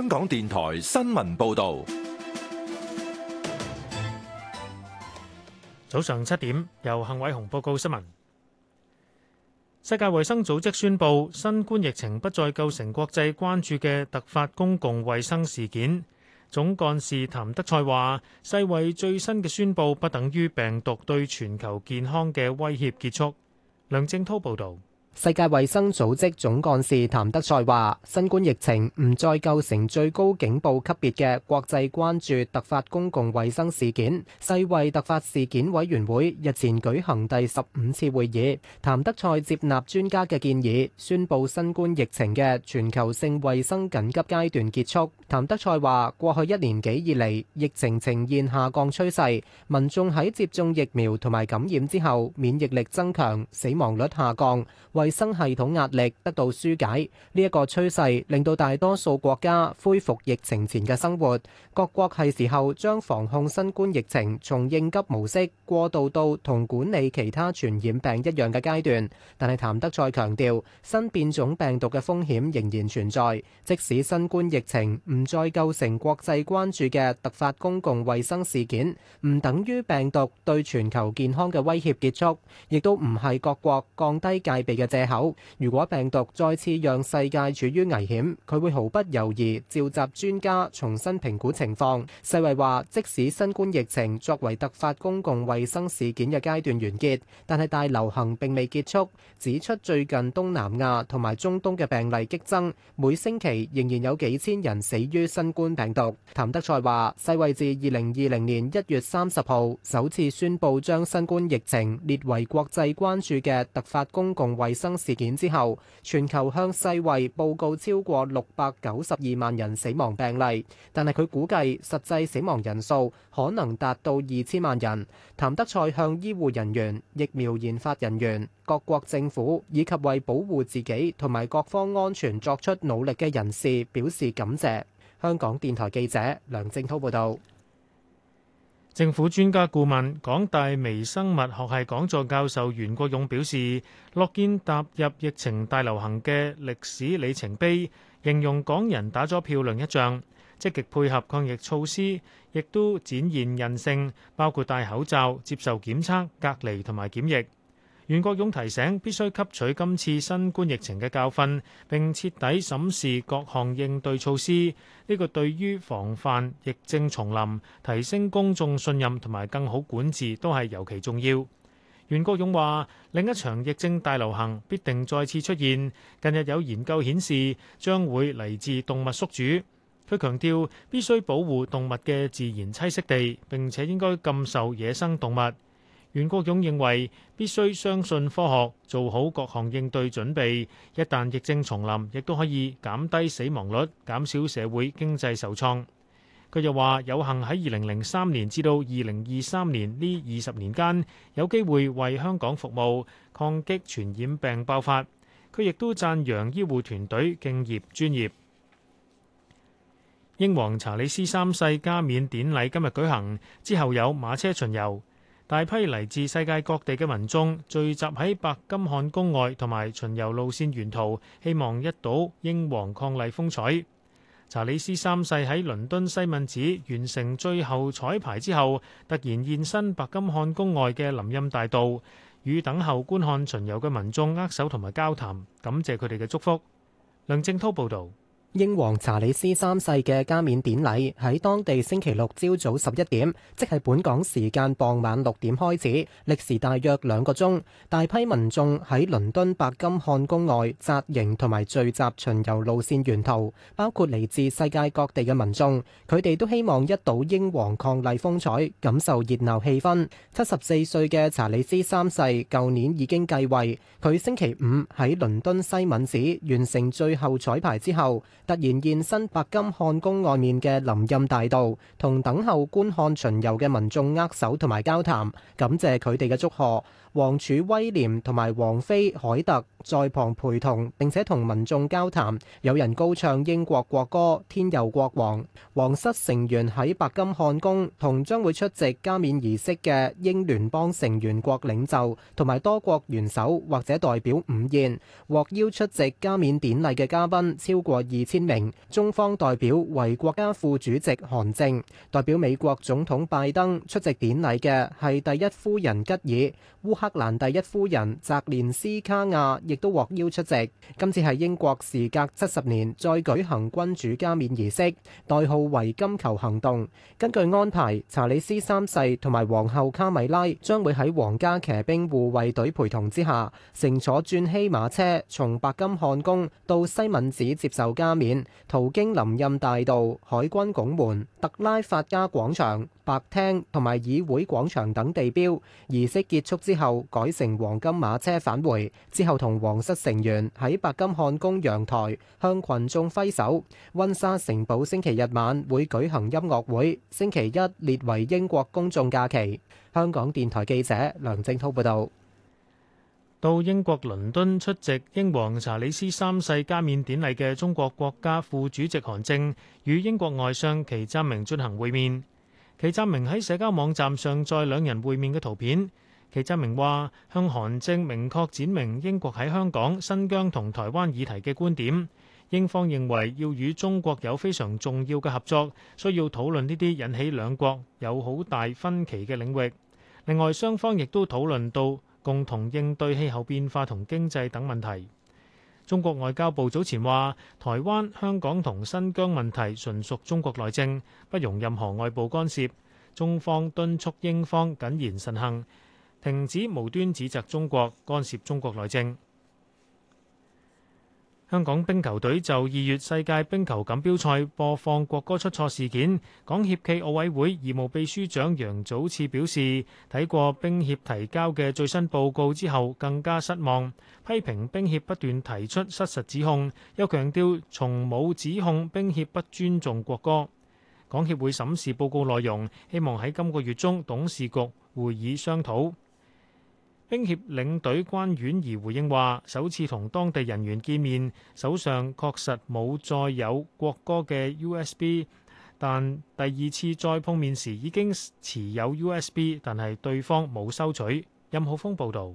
香港電台新聞報道，早上七點由幸偉雄報告新聞。世界衛生組織宣布，新冠疫情不再構成國際關注嘅突發公共衛生事件。總幹事譚德塞話：世衛最新嘅宣布，不等於病毒對全球健康嘅威脅結束。梁正濤報道。世界衛生組織總幹事譚德賽話，新冠疫情唔再構成最高警報級別嘅國際關注突發公共衛生事件。世衛突發事件委員會日前舉行第十五次會議，譚德賽接納專家嘅建議，宣布新冠疫情嘅全球性衛生緊急階段結束。譚德賽話，過去一年幾以嚟，疫情呈現下降趨勢，民眾喺接種疫苗同埋感染之後，免疫力增強，死亡率下降。衛生系統壓力得到紓解，呢一個趨勢令到大多數國家恢復疫情前嘅生活。各國係時候將防控新冠疫情從應急模式過渡到同管理其他傳染病一樣嘅階段。但係譚德塞強調，新變種病毒嘅風險仍然存在，即使新冠疫情唔再構成國際關注嘅突發公共衛生事件，唔等於病毒對全球健康嘅威脅結束，亦都唔係各國降低戒備嘅藉口，如果病毒再次讓世界處於危險，佢會毫不猶豫召集專家重新評估情況。世衞話，即使新冠疫情作為突發公共衛生事件嘅階段完結，但係大流行並未結束。指出最近東南亞同埋中東嘅病例激增，每星期仍然有幾千人死於新冠病毒。譚德塞話，世衞自二零二零年一月三十號首次宣布將新冠疫情列為國際關注嘅突發公共衛爭事件之後，全球向世衛報告超過六百九十二萬人死亡病例，但係佢估計實際死亡人數可能達到二千萬人。譚德塞向醫護人員疫苗研發人員、各國政府以及為保護自己同埋各方安全作出努力嘅人士表示感謝。香港電台記者梁正濤報道。政府專家顧問、港大微生物學系講座教授袁國勇表示：樂見踏入疫情大流行嘅歷史里程碑，形容港人打咗漂亮一仗，積極配合抗疫措施，亦都展現人性，包括戴口罩、接受檢測、隔離同埋檢疫。袁國勇提醒必須吸取今次新冠疫情嘅教訓，並徹底審視各項應對措施。呢個對於防範疫症重臨、提升公眾信任同埋更好管治都係尤其重要。袁國勇話：另一場疫症大流行必定再次出現。近日有研究顯示，將會嚟自動物宿主。佢強調必須保護動物嘅自然棲息地，並且應該禁售野生動物。袁國勇認為必須相信科學，做好各項應對準備，一旦疫症重臨，亦都可以減低死亡率，減少社會經濟受創。佢又話：有幸喺二零零三年至到二零二三年呢二十年間，有機會為香港服務，抗擊傳染病爆發。佢亦都讚揚醫護團隊敬業專業。英皇查理斯三世加冕典禮今日舉行，之後有馬車巡遊。大批嚟自世界各地嘅民眾聚集喺白金漢宮外同埋巡遊路線沿途，希望一睹英皇伉儷風采。查理斯三世喺倫敦西敏寺完成最後彩排之後，突然現身白金漢宮外嘅林蔭大道，與等候觀看巡遊嘅民眾握手同埋交談，感謝佢哋嘅祝福。梁正滔報導。英皇查理斯三世嘅加冕典禮喺當地星期六朝早十一點，即係本港時間傍晚六點開始，歷時大約兩個鐘。大批民眾喺倫敦白金漢宮外紮營同埋聚集巡遊路線沿途，包括嚟自世界各地嘅民眾。佢哋都希望一睹英皇伉儷風采，感受熱鬧氣氛。七十四歲嘅查理斯三世，舊年已經繼位。佢星期五喺倫敦西敏寺完成最後彩排之後。突然現身白金漢宮外面嘅林蔭大道，同等候觀看巡遊嘅民眾握手同埋交談，感謝佢哋嘅祝賀。王儲威廉同埋王妃凱特在旁陪同，並且同民眾交談，有人高唱英國國歌《天佑國王》。皇室成員喺白金漢宮同將會出席加冕儀式嘅英聯邦成員國領袖同埋多國元首或者代表午宴。獲邀出席加冕典禮嘅嘉賓超過二千名。中方代表為國家副主席韓正，代表美國總統拜登出席典禮嘅係第一夫人吉爾。克蘭第一夫人澤連斯卡亞亦都獲邀出席。今次係英國時隔七十年再舉行君主加冕儀式，代號為金球行動。根據安排，查理斯三世同埋皇后卡米拉將會喺皇家騎兵護衛隊陪同之下，乘坐鑽禧馬車，從白金漢宮到西敏寺接受加冕，途經林蔭大道、海軍拱門、特拉法加廣場、白廳同埋議會廣場等地標。儀式結束之後，改乘黃金馬車返回之後，同皇室成員喺白金漢宮陽台向群眾揮手。温莎城堡星期日晚會舉行音樂會，星期一列為英國公眾假期。香港電台記者梁正滔報導。到英國倫敦出席英皇查理斯三世加冕典禮嘅中國國家副主席韓正與英國外相祁湛明進行會面。祁湛明喺社交網站上載兩人會面嘅圖片。祁湛明話：向韓正明確展明英國喺香港、新疆同台灣議題嘅觀點。英方認為要與中國有非常重要嘅合作，需要討論呢啲引起兩國有好大分歧嘅領域。另外，雙方亦都討論到共同應對氣候變化同經濟等問題。中國外交部早前話：台灣、香港同新疆問題純屬中國內政，不容任何外部干涉。中方敦促英方謹言慎行。停止無端指責中國干涉中國內政。香港冰球隊就二月世界冰球錦標賽播放國歌出錯事件，港協暨奧委會義務秘書長楊祖賜表示，睇過冰協提交嘅最新報告之後，更加失望，批評冰協不斷提出失實指控，又強調從冇指控冰協不尊重國歌。港協會審視報告內容，希望喺今個月中董事局會議商討。冰協領隊關婉怡回應話，首次同當地人員見面，手上確實冇再有國歌嘅 U S B，但第二次再碰面時已經持有 U S B，但係對方冇收取。任浩峰報道。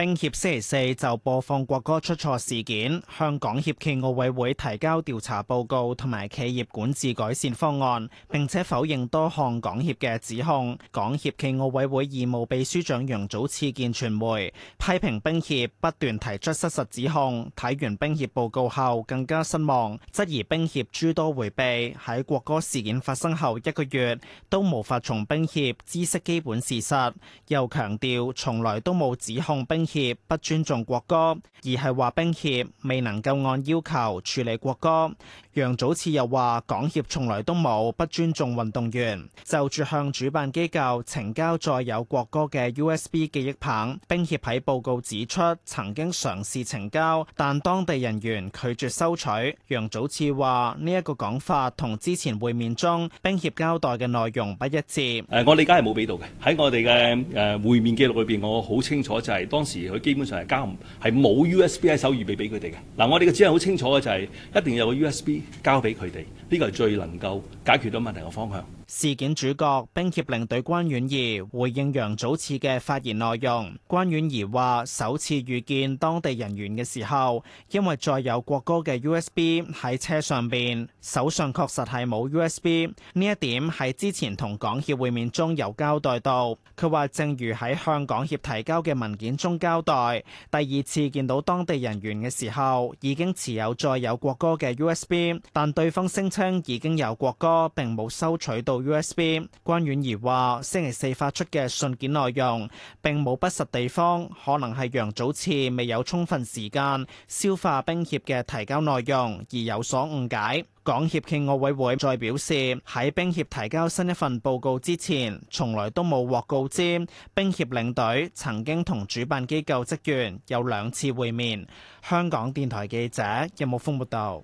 冰協星期四就播放國歌出錯事件，向港協暨奧委會提交調查報告同埋企業管治改善方案，並且否認多項港協嘅指控。港協暨奧委會義務秘書長楊祖賜見傳媒，批評冰協不斷提出失實指控，睇完冰協報告後更加失望，質疑冰協諸多迴避。喺國歌事件發生後一個月，都無法從冰協知悉基本事實。又強調從來都冇指控冰協不尊重國歌，而係話冰協未能夠按要求處理國歌。楊祖賜又話港協從來都冇不尊重運動員。就住向主辦機構呈交載有國歌嘅 USB 記憶棒，冰協喺報告指出曾經嘗試呈交，但當地人員拒絕收取。楊祖賜話呢一個講法同之前會面中冰協交代嘅內容不一致。誒，我理解係冇俾到嘅。喺我哋嘅誒會面記錄裏邊，我好清楚就係當時。佢基本上係交，係冇 USB 喺手預備俾佢哋嘅。嗱，我哋嘅指引好清楚嘅，就是，就係一定要有個 USB 交俾佢哋，呢個係最能夠。解決到問題嘅方向。事件主角乒協領隊關婉儀回應楊祖賜嘅發言內容。關婉儀話：首次遇見當地人員嘅時候，因為載有國歌嘅 USB 喺車上邊，手上確實係冇 USB 呢一點係之前同港協會面中有交代到。佢話：正如喺向港協提交嘅文件中交代，第二次見到當地人員嘅時候已經持有載有國歌嘅 USB，但對方聲稱已經有國歌。並冇收取到 USB。關婉怡話，星期四發出嘅信件內容並冇不實地方，可能係楊祖恆未有充分時間消化冰協嘅提交內容而有所誤解。港協暨奧委會再表示，喺冰協提交新一份報告之前，從來都冇獲告知冰協領隊曾經同主辦機構職員有兩次會面。香港電台記者任木豐報道。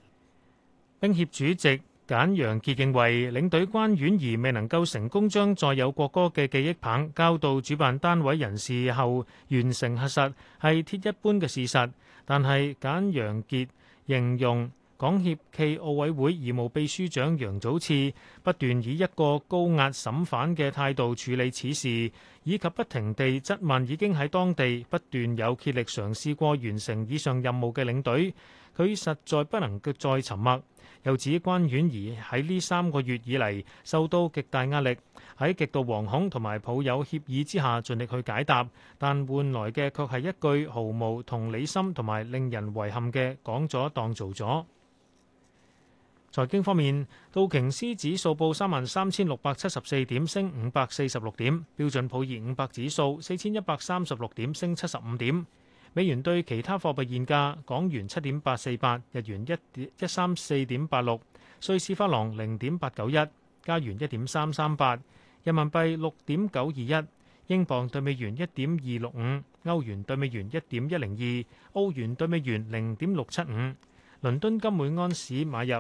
冰協主席。簡楊杰認為，領隊關婉儀未能夠成功將載有國歌嘅記憶棒交到主辦單位人士後完成核實，係鐵一般嘅事實。但係簡楊杰形容港協暨奧委會義務秘書長楊祖賜不斷以一個高壓審犯嘅態度處理此事，以及不停地質問已經喺當地不斷有竭力嘗試過完成以上任務嘅領隊，佢實在不能夠再沉默。又指關婉儀喺呢三個月以嚟受到極大壓力，喺極度惶恐同埋抱有歉意之下，盡力去解答，但換來嘅卻係一句毫無同理心同埋令人遺憾嘅：講咗當做咗。財經方面，道瓊斯指數報三萬三千六百七十四點，升五百四十六點；標準普爾五百指數四千一百三十六點，升七十五點。美元兌其他貨幣現價：港元七點八四八，日元一點一三四點八六，瑞士法郎零點八九一，加元一點三三八，人民幣六點九二一，英鎊對美元一點二六五，歐元對美元一點一零二，澳元對美元零點六七五。倫敦金每安士買入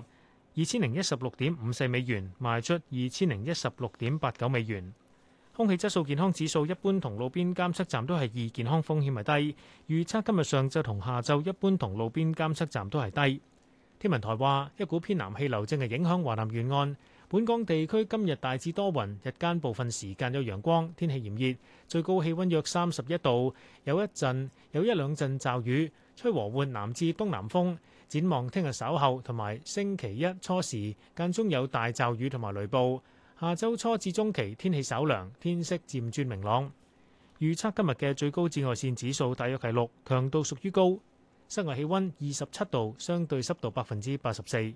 二千零一十六點五四美元，賣出二千零一十六點八九美元。空氣質素健康指數一般同路邊監測站都係二，健康風險係低，預測今日上晝同下晝一般同路邊監測站都係低。天文台話，一股偏南氣流正係影響華南沿岸，本港地區今日大致多雲，日間部分時間有陽光，天氣炎熱，最高氣温約三十一度，有一陣有一兩陣驟雨，吹和緩南至東南風。展望聽日稍後同埋星期一初時間中有大驟雨同埋雷暴。下周初至中期，天氣稍涼，天色漸轉明朗。預測今日嘅最高紫外線指數大約係六，強度屬於高。室外氣溫二十七度，相對濕度百分之八十四。